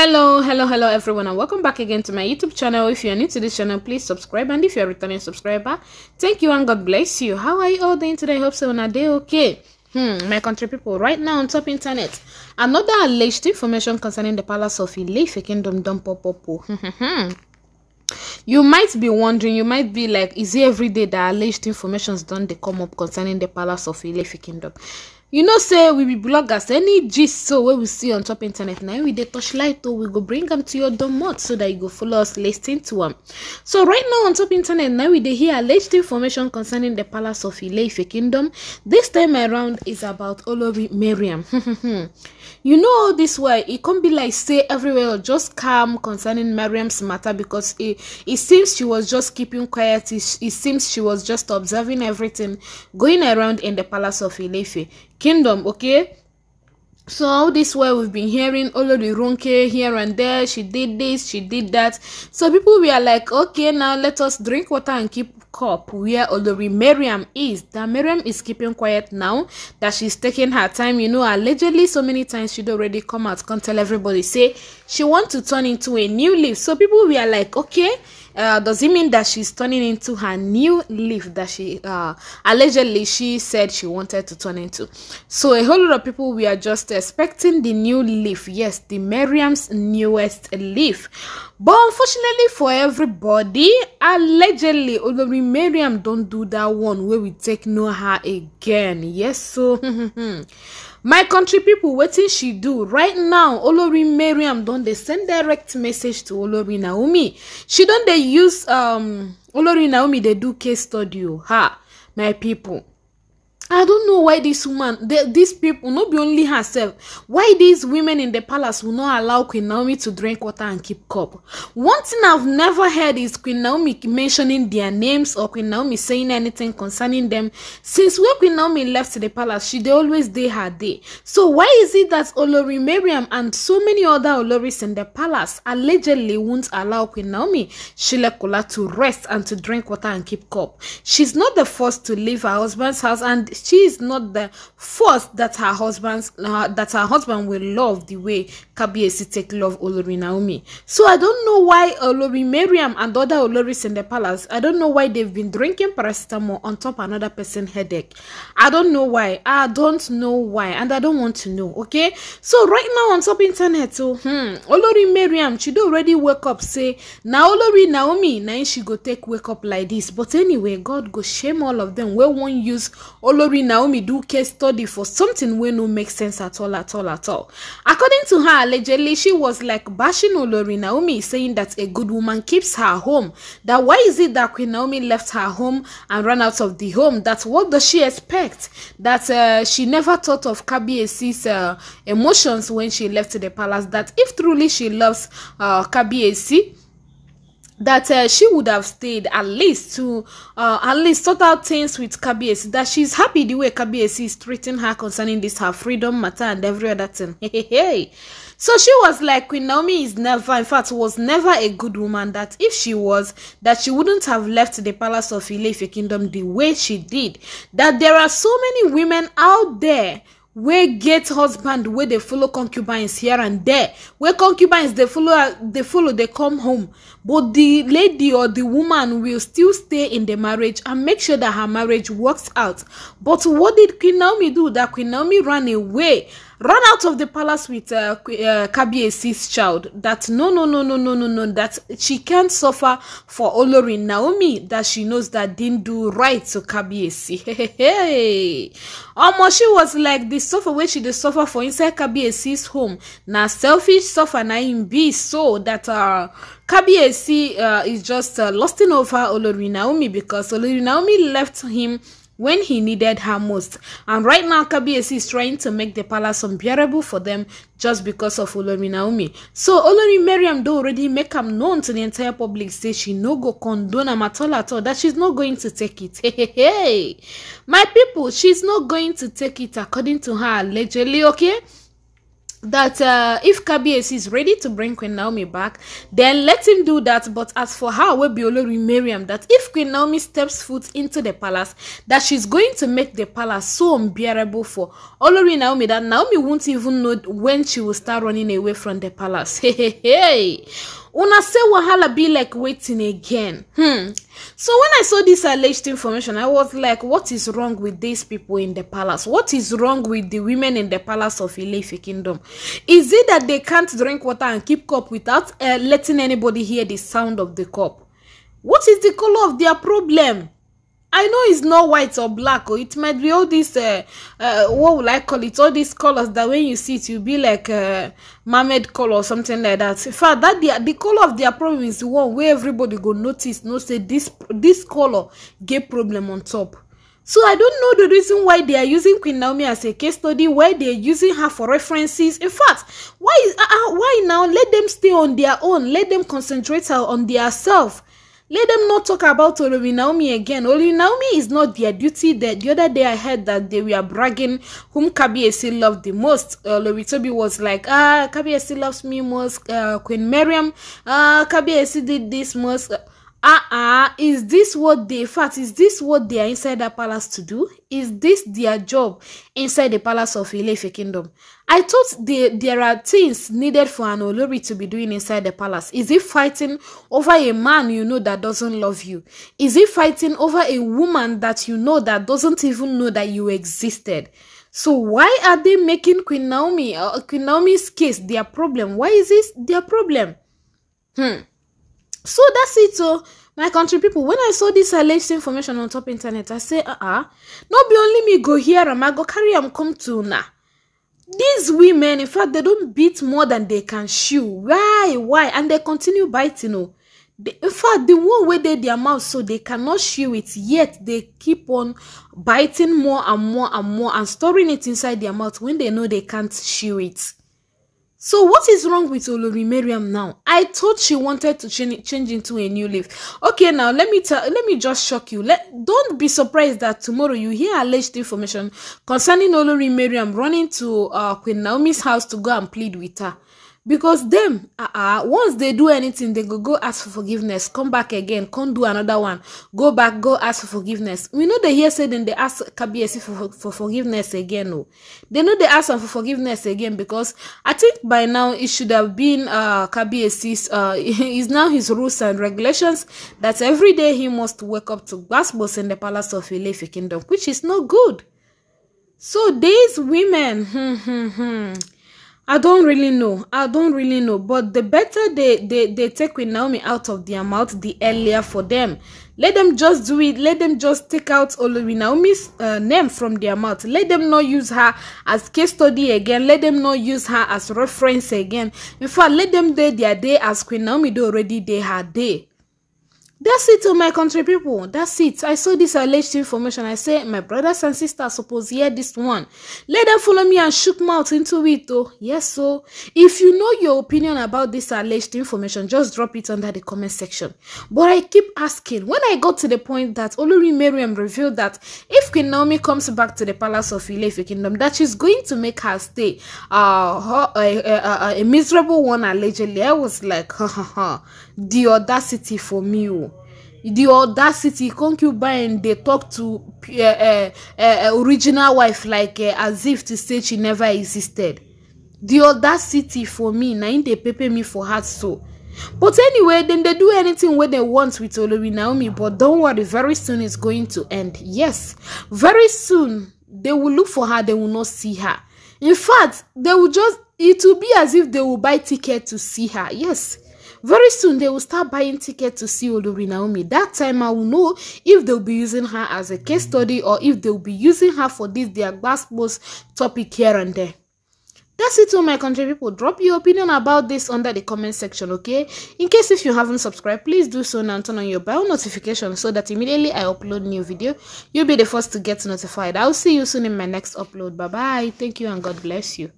hello hello hello everyone and welcome back again to my youtube channel if you are new to this channel please subscribe and if you are a returning subscriber thank you and god bless you how are you all doing today hope so on a day okay hmm my country people right now on top internet another alleged information concerning the palace of Ilife kingdom don't up oh. hmm, hmm, hmm. you might be wondering you might be like is it every day that alleged information is done they come up concerning the palace of Ilife kingdom you know say we be bloggers any gist so wey we see on top internet na we dey torchlight o oh, we go bring am to your domot so that you go follow us lis ten to am so right now on top internet na we dey hear alleged information concerning the palace of ileife kingdom This time around is about olori mariam you know all this why e come be like say everywhere just calm concerning mariam's matter because e e seems she was just keeping quiet e, e seems she was just observing everything going around in the palace of ileife kingdom okay so all this while we've been hearing all the Olodunke here and there, she did this, she did that. So people were like, okay, now let us drink water and keep cup where Olori Miriam is. That Miriam is keeping quiet now, that she's taking her time. You know, allegedly so many times she'd already come out, can't tell everybody, say she want to turn into a new leaf. So people we are like, okay, uh, does it mean that she's turning into her new leaf that she uh, allegedly she said she wanted to turn into? So a whole lot of people we are just expecting the new leaf. Yes, the Miriam's newest leaf. But unfortunately for everybody, allegedly although Miriam don't do that one where we take no her again. Yes, so hmm, hmm, hmm. my country people wetin she do right now olori mariam done. They send direct message to olori naomi she don't they use um olori naomi They do case study oh, Ha, her my people. i don't know why this woman dis people, no be only herself why these women in the palace will not allow queen naomi to drink water and keep cup one thing i've never heard is queen naomi mentioning their names or queen naomi saying anything concerning them. since wey queen naomi left the palace she dey always day her day so why is it that olori mariam and so many other oloris in the palace allegedly won't allow queen naomi shilekola to rest and to drink water and keep cup she's not the first to leave her husband's house and She is not the first that her husband uh, that her husband will love the way Kabiesi take love Olori Naomi. So I don't know why Olori Miriam and other Oloris in the palace. I don't know why they've been drinking paracetamol on top another person headache. I don't know why. I don't know why, and I don't want to know. Okay. So right now on top internet, so hmm, Olori Miriam, she do already wake up say na Olori Naomi now she go take wake up like this. But anyway, God go shame all of them. We won't use Olori story Naomi do case study for something where no make sense at all at all at all. According to her allegedly, she was like bashing Olori Naomi saying that a good woman keeps her home. That why is it that Queen Naomi left her home and ran out of the home? That what does she expect? That uh, she never thought of Kabiesi's uh, emotions when she left the palace. That if truly she loves uh, Kabiesi, that uh, she would have stayed at least to uh, at least sort out things with Kabiesi. That she's happy the way Kabiesi is treating her concerning this her freedom matter and every other thing. Hey, So she was like Queen Naomi is never, in fact, was never a good woman. That if she was, that she wouldn't have left the palace of Ilefe Kingdom the way she did. That there are so many women out there wey get husband wey dey follow concubines here and there wey concubines dey follow dey follow dey come home but the lady or the woman will still stay in the marriage and make sure that her marriage works out but what did Queen Naomi do that Queen Naomi ran away run out of the palace with uh, uh, Kabiesi's child. That no, no, no, no, no, no, no, that she can't suffer for Olorin Naomi, that she knows that didn't do right to Kabiesi. Hey, almost she was like the suffer where she did suffer for inside Kabiesi's home. Now, selfish suffer, na him be so that uh, Kabiesi uh, is just uh, lusting over Olori Naomi because Olori Naomi left him when he needed her most. And right now, KBS is trying to make the palace unbearable for them just because of Olori Naomi. So Olori Mariam do already make him known to the entire public say she no go condone him at all at all, that she's not going to take it. Hey, hey, hey. My people, she's not going to take it according to her allegedly, okay? that uh, if Kabiyesi is ready to bring Queen Naomi back, then let him do that. But as for her, will be Olori Miriam, that if Queen Naomi steps foot into the palace, that she's going to make the palace so unbearable for Olori Naomi that Naomi won't even know when she will start running away from the palace. Hey, hey, hey una say wahala be like waiting again hmm so when i saw this alleged information i was like what is wrong with these people in the palace what is wrong with the women in the palace of ilefe kingdom is it that they can't drink water and keep cup without uh, letting anybody hear the sound of the cup what is the color of their problem I know it's not white or black, or oh, it might be all these, uh, uh, what will I call it? All these colors that when you see it, you'll be like uh, mermaid color or something like that. In fact, that the, the color of their problem is the one where everybody go notice, no say this this color get problem on top. So I don't know the reason why they are using Queen Naomi as a case study, why they are using her for references. In fact, why is, uh, uh, why now let them stay on their own, let them concentrate on their self. let them not talk about Olori Naomi again. Olori Naomi is not their duty. The, the other day I heard that they were bragging whom Kabiesi loved the most. Olori uh, Toby was like, ah, Kabiesi loves me most. Uh, Queen Miriam, ah, Kabiesi did this most. Uh, ah uh-uh, is this what they in fact is this what they are inside that palace to do is this their job inside the palace of Ilefe kingdom i thought they, there are things needed for an olori to be doing inside the palace is it fighting over a man you know that doesn't love you is it fighting over a woman that you know that doesn't even know that you existed so why are they making queen naomi uh, queen naomi's case their problem why is this their problem hmm so that's it so oh. my country people when i saw this alleged information on top internet i say uh-uh not be only me go hear am i go carry am come to now. these women in fact they don't beat more than they can chew why why and they continue biting oh in fact the one wey dey their mouth so they cannot chew it yet they keep on biting more and more and more and storing it inside their mouth when they know they can't chew it So what is wrong with Olori Mariam now? I thought she wanted to change, change into a new life. Okay, now let me tell, let me just shock you. Let, don't be surprised that tomorrow you hear alleged information concerning Olori Mariam running to uh, Queen Naomi's house to go and plead with her. because them uh, uh once they do anything they go go ask for forgiveness come back again come do another one go back go ask for forgiveness we know they hear say then they ask kbsc for, for forgiveness again no oh. they know they ask for forgiveness again because i think by now it should have been uh uh is now his rules and regulations that every day he must wake up to gospels in the palace of Ilefi kingdom which is not good so these women hmm, hmm, hmm. I don't really know. I don't really know. But the better they, they, they take Queen Naomi out of their mouth, the earlier for them. Let them just do it. Let them just take out Olori Naomi's uh, name from their mouth. Let them not use her as case study again. Let them not use her as reference again. In fact, let them do their day as Queen Naomi do already day her day. That's it to oh, my country people. That's it. I saw this alleged information. I say my brothers and sisters suppose hear this one. Let them follow me and shook mouth into it though. Yes, so oh. if you know your opinion about this alleged information, just drop it under the comment section. But I keep asking, when I got to the point that Olori Mariam revealed that if Queen Naomi comes back to the palace of Ilefe Kingdom, that she's going to make her stay uh, her, uh, uh, uh, a miserable one allegedly, I was like, ha ha ha the audacity for me o the audacity concubine dey talk to uh, uh, uh, original wife like uh, as if to say she never existed the audacity for me na im dey pepper me for heart so but anyway dem dey do anything wey dem want with olori naomi but don't worry very soon it's going to end yes very soon they will look for her they will not see her in fact they will just it will be as if they will buy ticket to see her yes Very soon, they will start buying tickets to see Olori Naomi. That time, I will know if they'll be using her as a case study or if they'll be using her for this their gospel's topic here and there. That's it all my country people. Drop your opinion about this under the comment section, okay? In case if you haven't subscribed, please do so and turn on your bell notification so that immediately I upload new video, you'll be the first to get notified. I'll see you soon in my next upload. Bye-bye. Thank you and God bless you.